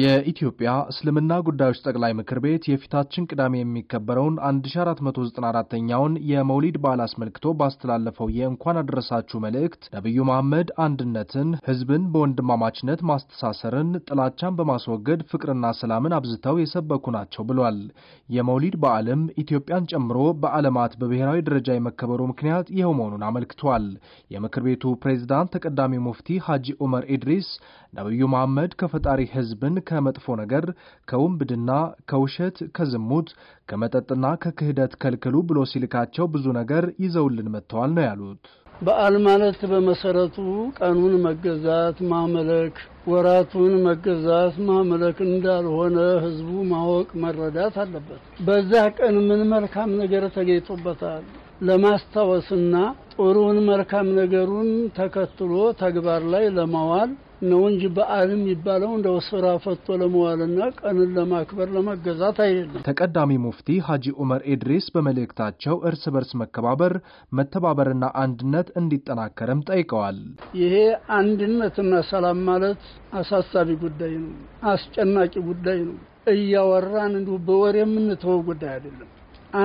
የኢትዮጵያ እስልምና ጉዳዮች ጠቅላይ ምክር ቤት የፊታችን ቅዳሜ የሚከበረውን 1494ኛውን የመውሊድ በዓል አስመልክቶ ባስተላለፈው የእንኳን አደረሳችሁ መልእክት ነቢዩ መሐመድ አንድነትን፣ ህዝብን በወንድማማችነት ማስተሳሰርን፣ ጥላቻን በማስወገድ ፍቅርና ሰላምን አብዝተው የሰበኩ ናቸው ብሏል። የመውሊድ በዓልም ኢትዮጵያን ጨምሮ በዓለማት በብሔራዊ ደረጃ የመከበሩ ምክንያት ይኸው መሆኑን አመልክቷል። የምክር ቤቱ ፕሬዝዳንት ተቀዳሚ ሙፍቲ ሐጂ ዑመር ኢድሪስ ነቢዩ መሐመድ ከፈጣሪ ህዝብን ከመጥፎ ነገር፣ ከውንብድና፣ ከውሸት፣ ከዝሙት፣ ከመጠጥና ከክህደት ከልክሉ ብሎ ሲልካቸው ብዙ ነገር ይዘውልን መጥተዋል ነው ያሉት። በዓል ማለት በመሰረቱ ቀኑን መገዛት ማመለክ፣ ወራቱን መገዛት ማመለክ እንዳልሆነ ህዝቡ ማወቅ መረዳት አለበት። በዛ ቀን ምን መልካም ነገር ተገኝቶበታል ለማስታወስና ጥሩውን መልካም ነገሩን ተከትሎ ተግባር ላይ ለማዋል ነው እንጂ በዓል የሚባለው እንደው ስራ ፈቶ ለመዋልና ቀንን ለማክበር ለመገዛት አይደለም። ተቀዳሚ ሙፍቲ ሀጂ ዑመር ኢድሪስ በመልእክታቸው እርስ በርስ መከባበር፣ መተባበርና አንድነት እንዲጠናከርም ጠይቀዋል። ይሄ አንድነትና ሰላም ማለት አሳሳቢ ጉዳይ ነው፣ አስጨናቂ ጉዳይ ነው። እያወራን እንዲሁ በወሬ የምንተወው ጉዳይ አይደለም።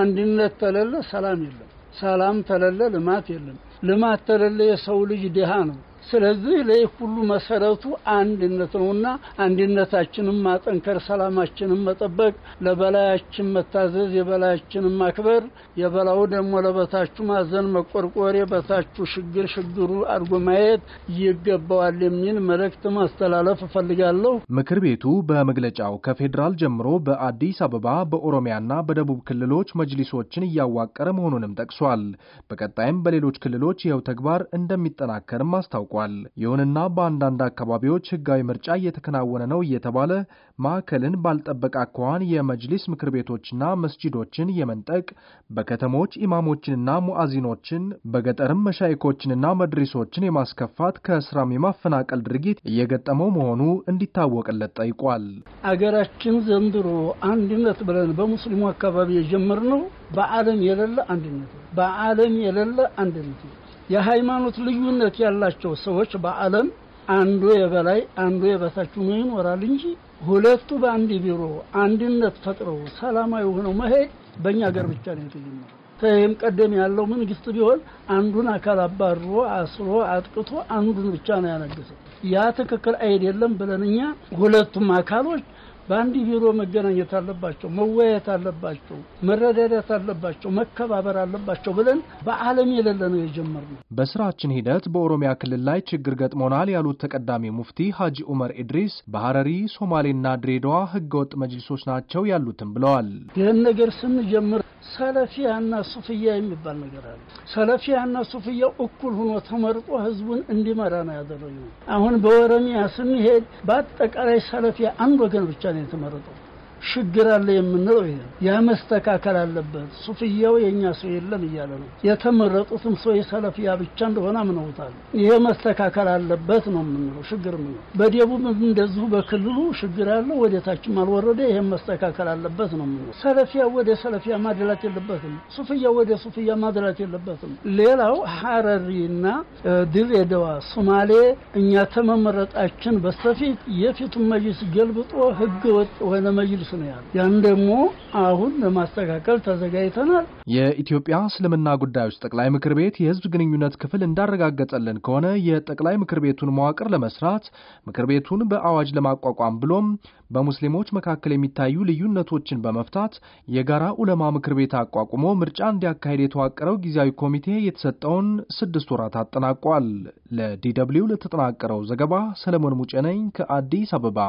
አንድነት ተለለ ሰላም የለም። ሰላም ተለለ ልማት የለም። ልማት ተለለ የሰው ልጅ ድሃ ነው። ስለዚህ ለይህ ሁሉ መሰረቱ አንድነት ነውና አንድነታችንን ማጠንከር፣ ሰላማችንን መጠበቅ፣ ለበላያችን መታዘዝ፣ የበላያችንን ማክበር፣ የበላው ደግሞ ለበታችሁ ማዘን፣ መቆርቆር፣ የበታችሁ ችግር ችግሩ አድርጎ ማየት ይገባዋል የሚል መልእክት ማስተላለፍ እፈልጋለሁ። ምክር ቤቱ በመግለጫው ከፌዴራል ጀምሮ በአዲስ አበባ በኦሮሚያና በደቡብ ክልሎች መጅሊሶችን እያዋቀረ መሆኑንም ጠቅሷል። በቀጣይም በሌሎች ክልሎች ይኸው ተግባር እንደሚጠናከርም አስታውቋል። አስታውቋል። ይሁንና በአንዳንድ አካባቢዎች ህጋዊ ምርጫ እየተከናወነ ነው እየተባለ ማዕከልን ባልጠበቀ አኳኋን የመጅሊስ ምክር ቤቶችና መስጂዶችን የመንጠቅ በከተሞች ኢማሞችንና ሙአዚኖችን በገጠርም መሻይኮችንና መድሪሶችን የማስከፋት ከስራም የማፈናቀል ድርጊት እየገጠመው መሆኑ እንዲታወቅለት ጠይቋል። አገራችን ዘንድሮ አንድነት ብለን በሙስሊሙ አካባቢ የጀመርነው በዓለም የሌለ አንድነት በዓለም የሌለ አንድነት የሃይማኖት ልዩነት ያላቸው ሰዎች በዓለም አንዱ የበላይ አንዱ የበታች ነው ይኖራል እንጂ ሁለቱ በአንድ ቢሮ አንድነት ፈጥረው ሰላማዊ ሆነው መሄድ በእኛ ሀገር ብቻ ነው የተጀመረው። ይህም ቀደም ያለው መንግስት ቢሆን አንዱን አካል አባሮ አስሮ አጥቅቶ አንዱን ብቻ ነው ያነገሰው። ያ ትክክል አይደለም ብለን እኛ ሁለቱም አካሎች በአንድ ቢሮ መገናኘት አለባቸው፣ መወያየት አለባቸው፣ መረዳዳት አለባቸው፣ መከባበር አለባቸው ብለን በዓለም የሌለ ነው የጀመርነው። በስራችን ሂደት በኦሮሚያ ክልል ላይ ችግር ገጥሞናል ያሉት ተቀዳሚ ሙፍቲ ሀጂ ኡመር ኢድሪስ በሀረሪ ሶማሌና ድሬዳዋ ህገወጥ መጅልሶች ናቸው ያሉትም ብለዋል። ይህን ነገር ስንጀምር ሰለፊያና ሱፍያ የሚባል ነገር አለ። ሰለፊያና ሱፍያ እኩል ሆኖ ተመርጦ ህዝቡን እንዲመራ ነው ያደረገው። አሁን በኦሮሚያ ስንሄድ በአጠቃላይ ሰለፊያ አንድ ወገን ብቻ ነው የተመረጠው። ችግር አለ የምንለው ይሄ ያ መስተካከል አለበት። ሱፍያው የእኛ ሰው የለም እያለ ነው። የተመረጡትም ሰው የሰለፍያ ብቻ እንደሆነ አምነውታል። ይሄ መስተካከል አለበት ነው የምንለው። ሽግር ምን ነው? በደቡብ እንደዚሁ በክልሉ ችግር አለ፣ ወደታችም አልወረደ። ይሄም መስተካከል አለበት ነው የምንለው። ሰለፊያ ወደ ሰለፊያ ማድላት የለበትም። ሱፍያ ወደ ሱፍያ ማድላት የለበትም። ሌላው ሀረሪና ድሬዳዋ፣ ሶማሌ እኛ ተመመረጣችን በስተፊት የፊቱን መጅልስ ገልብጦ ህገወጥ ሆነ መጅልስ ነው ያሉ። ያን ደግሞ አሁን ለማስተካከል ተዘጋጅተናል። የኢትዮጵያ እስልምና ጉዳዮች ጠቅላይ ምክር ቤት የህዝብ ግንኙነት ክፍል እንዳረጋገጠልን ከሆነ የጠቅላይ ምክር ቤቱን መዋቅር ለመስራት ምክር ቤቱን በአዋጅ ለማቋቋም ብሎም በሙስሊሞች መካከል የሚታዩ ልዩነቶችን በመፍታት የጋራ ዑለማ ምክር ቤት አቋቁሞ ምርጫ እንዲያካሄድ የተዋቀረው ጊዜያዊ ኮሚቴ የተሰጠውን ስድስት ወራት አጠናቋል። ለዲ ለተጠናቀረው ዘገባ ሰለሞን ሙጨነኝ ነኝ ከአዲስ አበባ።